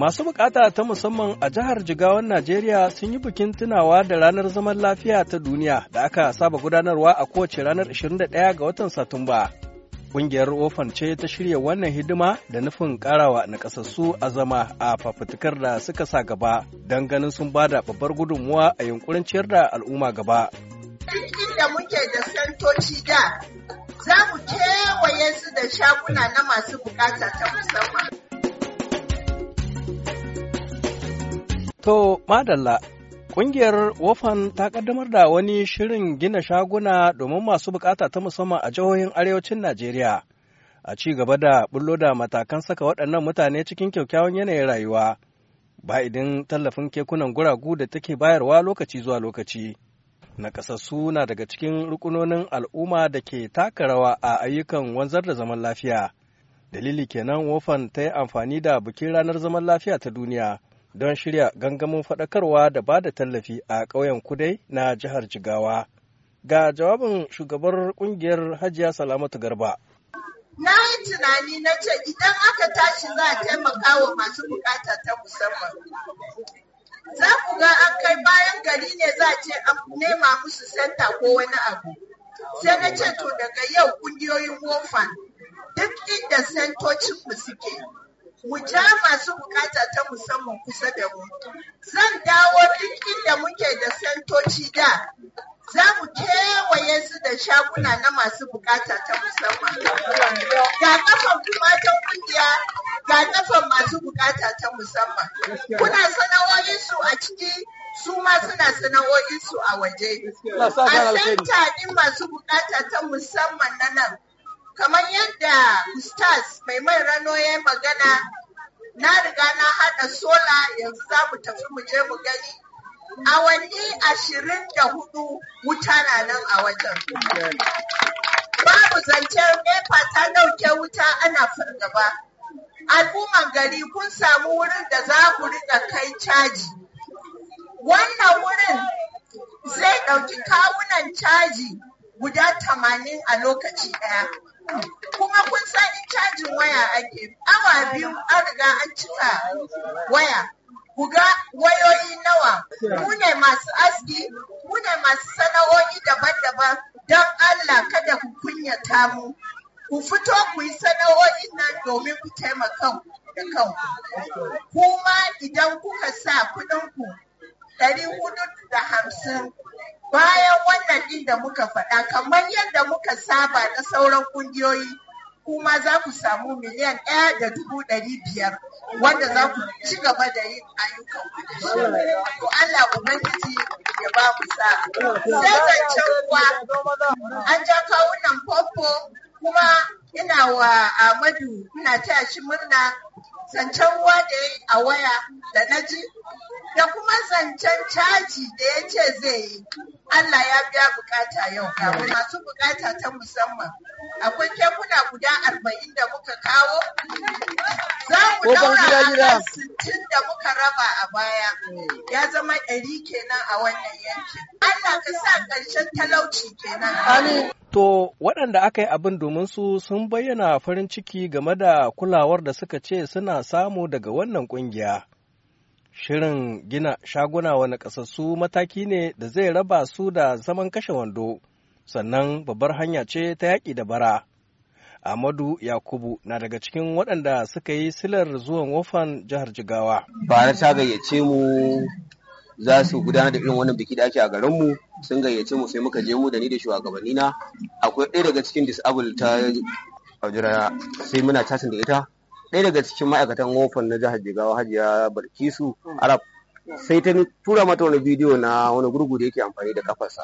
Masu bukata ta musamman a jihar Jigawan Najeriya sun yi bikin tunawa da ranar zaman lafiya ta duniya da aka saba gudanarwa a kowace ranar 21 ga watan Satumba. Ƙungiyar Ofan ce ta shirya wannan hidima da nufin ƙarawa na azama a fafutukar da suka sa gaba don ganin sun bada babbar gudunmuwa a yunkurin ciyar da al'umma gaba. Duk da muke da santoci da za mu kewaye su da shaguna na masu bukata ta musamman. To, madalla, ƙungiyar Wofan ta ƙaddamar da wani shirin gina shaguna domin masu bukata ta musamman a jihohin arewacin Najeriya. A ci gaba da bullo da matakan saka waɗannan mutane cikin kyakkyawan yanayin rayuwa, ba idan tallafin kekunan guragu da take bayarwa lokaci zuwa lokaci. Nakasassu na daga cikin rukunonin al'umma da ke taka rawa a ayyukan wanzar da zaman lafiya. Dalili kenan Wofan ta yi amfani da bikin ranar zaman lafiya ta duniya. don shirya gangamin faɗakarwa da ba da tallafi a ƙauyen kudai na jihar Jigawa. Ga jawabin shugabar ƙungiyar Hajiya Salamatu Garba. Na yi tunani na ce idan aka tashi za a taimaka wa masu bukata ta musamman. Za ku ga an kai bayan gari ne za a ce an nema musu senta ko wani abu. Sai na ce to daga yau ƙungiyoyin wofan duk inda sentocin mu suke. ja masu bukata ta musamman kusa da mu. Zan dawo duk inda muke da santoci da za mu kewaye su da shaguna na masu bukata ta musamman. Ga kafan kuma ta kungiya ga kafan masu bukata ta musamman. Kuna sana'o'in su a ciki su ma suna sana'o'in su a waje. A senta ɗin masu bukata ta musamman na nan. kamar yadda ustaz mai mai rano ya magana na riga na haɗa sola yanzu za mu tafi mu je mu gani awanni ashirin da hudu wuta na nan a wajen babu zancen nepa ta ɗauke wuta ana fargaba al'umman gari kun samu wurin da za ku riƙa kai caji wannan wurin zai ɗauki kawunan caji guda tamanin a lokaci ɗaya kuma kun san in cajin waya ake awa biyu an riga an cika waya ga wayoyi nawa mu ne masu aski mu masu sana'o'i daban-daban don allah kada ku kunyata mu ku fito ku yi sana'o'in nan domin ku taimaka da kanku kuma idan kuka sa kuɗinku ɗari hudu da hamsin bayan wannan ɗin da muka faɗa kamar yadda muka saba na sauran ƙungiyoyi kuma za ku samu miliyan ɗaya da dubu ɗari biyar wanda za ku ci gaba da yin ayyukan ku Allah Ubangiji ya ba mu sa. Sai zancen kuwa an ja kawunan popo kuma ina wa Amadu ina taya shi murna zancen ruwa da ya yi a waya da na ji da kuma zancen caji da ya ce zai yi Allah ya biya bukata yau kamar masu bukata ta musamman akwai kekuna guda arba'in da muka kawo za mu daura sittin da muka raba a baya ya zama ɗari kenan a wannan yankin Allah ka sa ƙarshen talauci kenan To waɗanda aka yi abin domin su sun bayyana farin ciki game da kulawar da suka ce suna samu daga wannan ƙungiya. Shirin gina shaguna wani ƙasassu mataki ne da zai raba su da zaman kashe wando, sannan babbar hanya ce ta yaƙi da bara. Amadu Yakubu na daga cikin waɗanda suka yi silar zuwan wofan jihar Jigawa. Bara ta gayyace mu za su gudanar da irin wannan biki da ake a garin mu sun gayyace mu sai muka je mu da ni da shugabanni na akwai ɗaya daga cikin disable ta Aujira sai muna casin da ita ɗaya daga cikin ma'aikatan wofan na jihar Jigawa Hajiya Barkisu Arab sai ta tura mata wani bidiyo na wani gurgu da yake amfani da kafarsa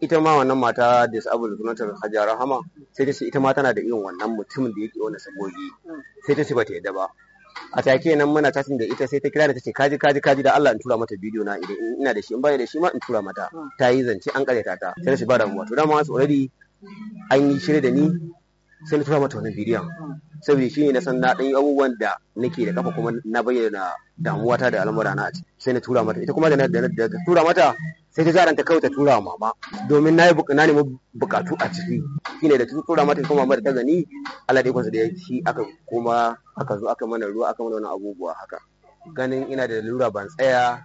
ita ma wannan mata disable sunanta Hajiya Rahama sai ta ce ita ma tana da irin wannan mutumin da yake wannan sabogi sai ta ce ba ta yadda ba a take nan muna chatting da ita sai ta kira ta tace kaji kaji kaji da Allah in tura mata bidiyo na idan ina da shi in bani da shi ma in tura mata hmm. ta yi zance an kare ta ta sai shi ba da damuwa to dama wasu already an yi shirye da ni sai na tura mata wannan bidiyon hmm. saboda shi ne na san na ɗan abubuwan da nake da kafa kuma na bayyana damuwata da al'amura na sai na tura mata ita kuma da na da tura mata sai ta zaranta kawai ta tura wa mama domin na yi na nemi bukatu a ciki shi ne da ta tura mata kuma mata ta gani Allah dai kwansa da shi aka kuma aka zo aka mana ruwa aka mana wani abubuwa haka ganin ina da lura ban tsaya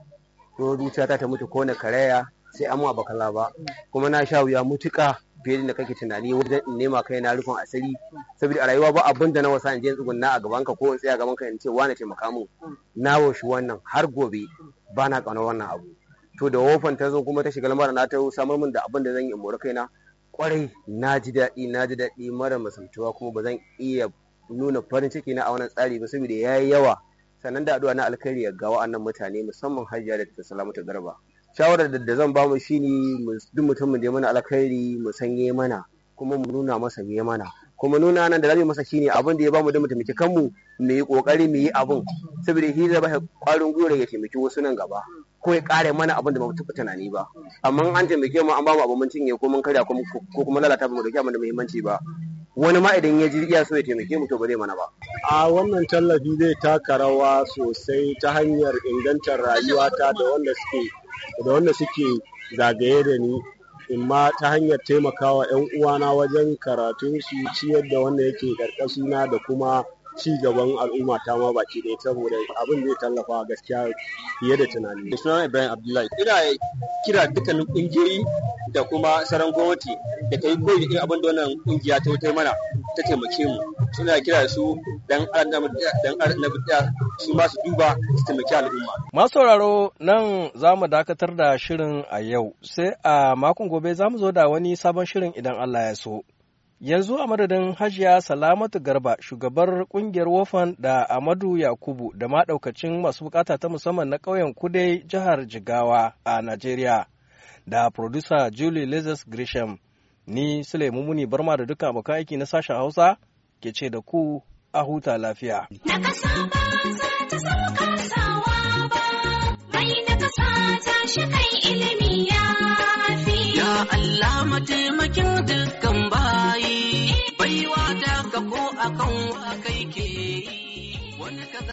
ko zuciyata ta mutu ko na karaya sai amma bakala ba kuma na sha wuya mutuka fiye da kake tunani wajen in nema kai na rufin asiri saboda a rayuwa ba abin da na wasa in je tsugunna a gaban ka ko in tsaya gaban ka in ce wani taimaka mu na woshi wannan har gobe ba na ƙaunar wannan abu to da wofan ta zo kuma ta shiga lamar na ta samar min da abin da zan yi mu kaina kwarai na ji daɗi na ji daɗi mara masamtuwa kuma ba zan iya nuna farin ciki na a wannan tsari ba saboda ya yi yawa sannan da addu'a na alkhairi ya ga wa'annan mutane musamman hajjia da ta ta garba shawarar da zan ba mu shine duk mutumin da ya mana alkhairi mu sanye mana kuma mu nuna masa ne mana kuma nuna nan da zamu masa shine abin da ya bamu da mu taimaki kanmu mu yi kokari mu yi abin saboda shi zai bashi kwarin gwiwa ya taimaki wasu nan gaba ko ya kare mana abin da ba mu tunani ba amma an taimake mu an bamu abin mun cinye ko mun karya ko kuma lalata ba mu da abin da muhimmanci ba wani ma idan ya ji iya so ya taimake mu to ba zai mana ba a wannan tallafi zai taka rawa sosai ta hanyar ingantar rayuwata da wanda suke da wanda suke zagaye da ni imma ta hanyar taimakawa 'yan uwana wajen karatun su ciyar da wanda yake na da kuma ci gaban al'umma ta ma baki ne saboda abin zai tallafa gaskiya fiye da tunani. Ibrahim Ina kira dukkanin ƙungiyoyi da kuma sauran gwamnati da ta yi koyi da abin da wannan kungiya ta wutar mana ta taimake mu suna kira su dan annabi su ma su duba su taimaki al'umma. Masu sauraro nan za mu dakatar da shirin a yau sai a makon gobe za mu zo da wani sabon shirin idan Allah ya so. Yanzu a madadin Hajiya Salamatu Garba shugabar kungiyar Wofan da Amadu Yakubu da ma masu bukata ta musamman na ƙauyen Kudai jihar Jigawa a Najeriya. da producer Julie lizas Grisham. Ni Sulaimu Muni Barma da duka abokan aiki na sashen Hausa ke ce da ku a huta lafiya. Na